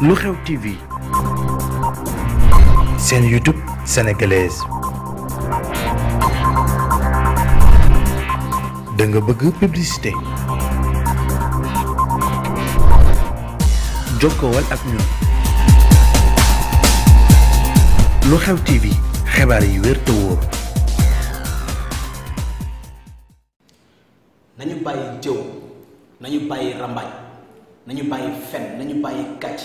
lu xew TV seen YouTube sénégalaise da nga bëgg publicité jokkowal ak ñun lu xew TV xibaar yi wér te wóor. nañu bàyyi jëw nañu bàyyi rambaaj nañu bàyyi fen nañu bàyyi kàcc.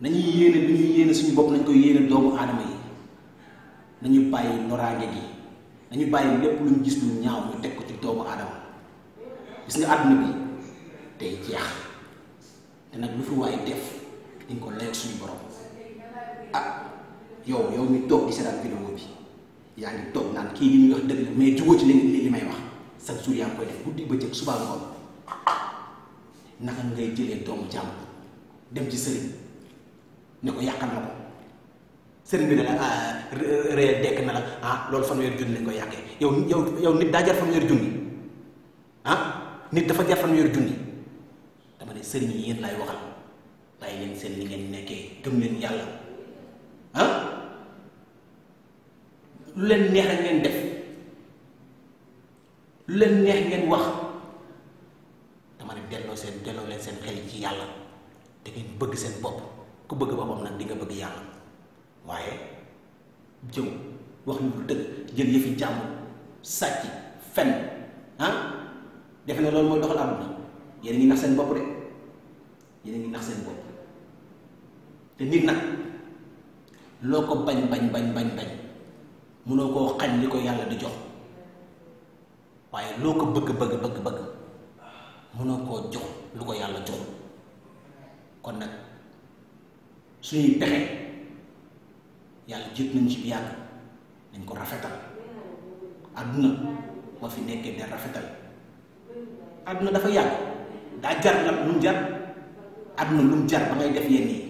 nañu yéene bi ñuy yéene suñu bopp nañ koy yéene doomu aadama yi nañu bàyyi noraange gi nañu bàyyi lépp luñ gis lu ñaaw ñu teg ko ci doomu aadama gis nga àdduna bi day jeex te nag lu fi waay def ko layal suñu borom ah yow yow mi toog di seetaan vidéo bi yaa toog naan kii li ñuy wax dëgg la mais jubóo ci li li may wax chaque jour koy def guddi bëccëg suba ngoon naka ngay jëlee doomu jàmm dem ci sëriñ ne ko yàqal na ko sëriñ bi ne la ah, ree dekk na la ah loolu fanweeri junni lañ koy yàqee yow yow yow nit daa jar fanweeri junni ah nit dafa jar fanweeri junni dama ne sëriñ yi yéen laay waxal bàyyi leen seen li ngeen nekkee gëm leen yàlla ah lu leen neex rek ngeen def lu leen neex ngeen wax dama ne delloo seen delloo leen seen xel ci yàlla te ngeen bëgg seen bopp ku bëgg boppam nag di nga bëgg yàlla waaye jëw wax ñu dëgg jël yëfi jàmm sàcc fen ah defe na loolu mooy doxal àdduna yéen ngi nax seen bopp de yéen ngi nax seen bopp te nit nag loo ko bañ bañ bañ bañ bañ mënoo koo xañ li ko yàlla di jox waaye loo ko bëgg bëgg bëgg bëgg mënoo koo jox lu ko yàlla jox kon nag suñuy pexe yàlla jëkk nañ ci bi yàgg dañ ko rafetal àdduna ba fi nekkee da rafetal àdduna dafa yàgg daa jar la lu mu jar àdduna lu mu jar ba ngay def yenn yi